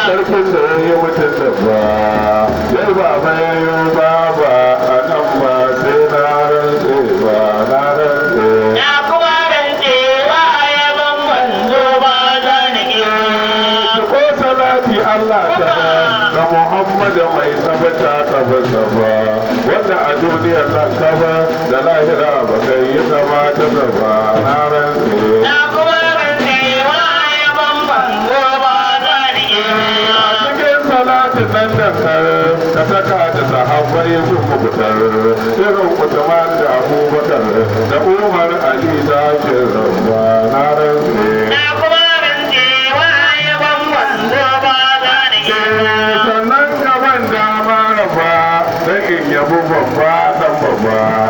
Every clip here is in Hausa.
sarkin da ya mutum da yau ba mai ba ba a nan ba sai na rantse ba na rantse Allah ta ga Muhammadu mai tabbata tabbata ba wanda a duniyar nan da lahira ba kai yi zama ta gaba sahabbai sun kubutar irin kutumar da abubakar da umar ali zakin rabba na rantse eh, sannan gaban dama rabba da in yabi babba dan babba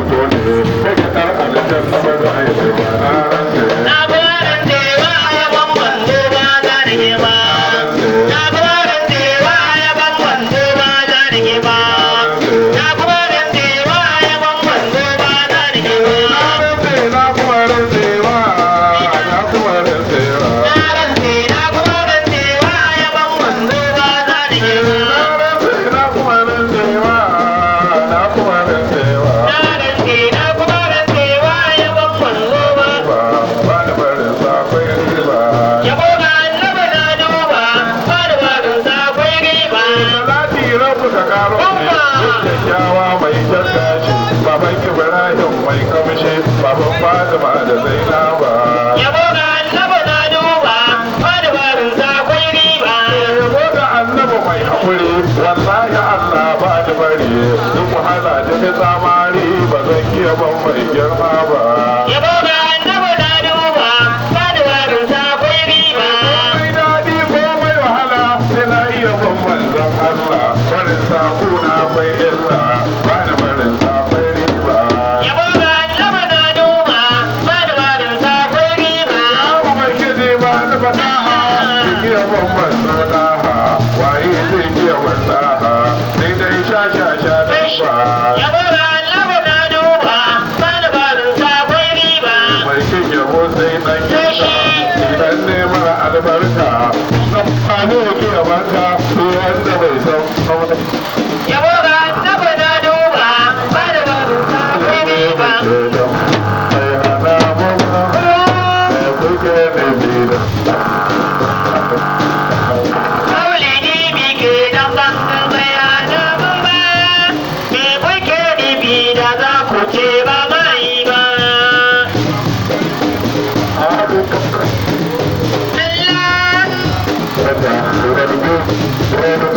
kyakkyawa mai jakashi baban ibrahim mai kamshi baban fatima da zainaba yabo ga annabi na duba fadabarin sa akwai riba yabo ga annabi mai hakuri wallahi allah ba da bari duk wahala da ta samari ba zan iya ban mai girma ba fasaha iya waye zai iya wasaha sai dai sha sha sha dabba yabo da na duba balibalin sabon riba mai cin yabo sai dan yanka idan neman albarka kuce ba mai ba Allah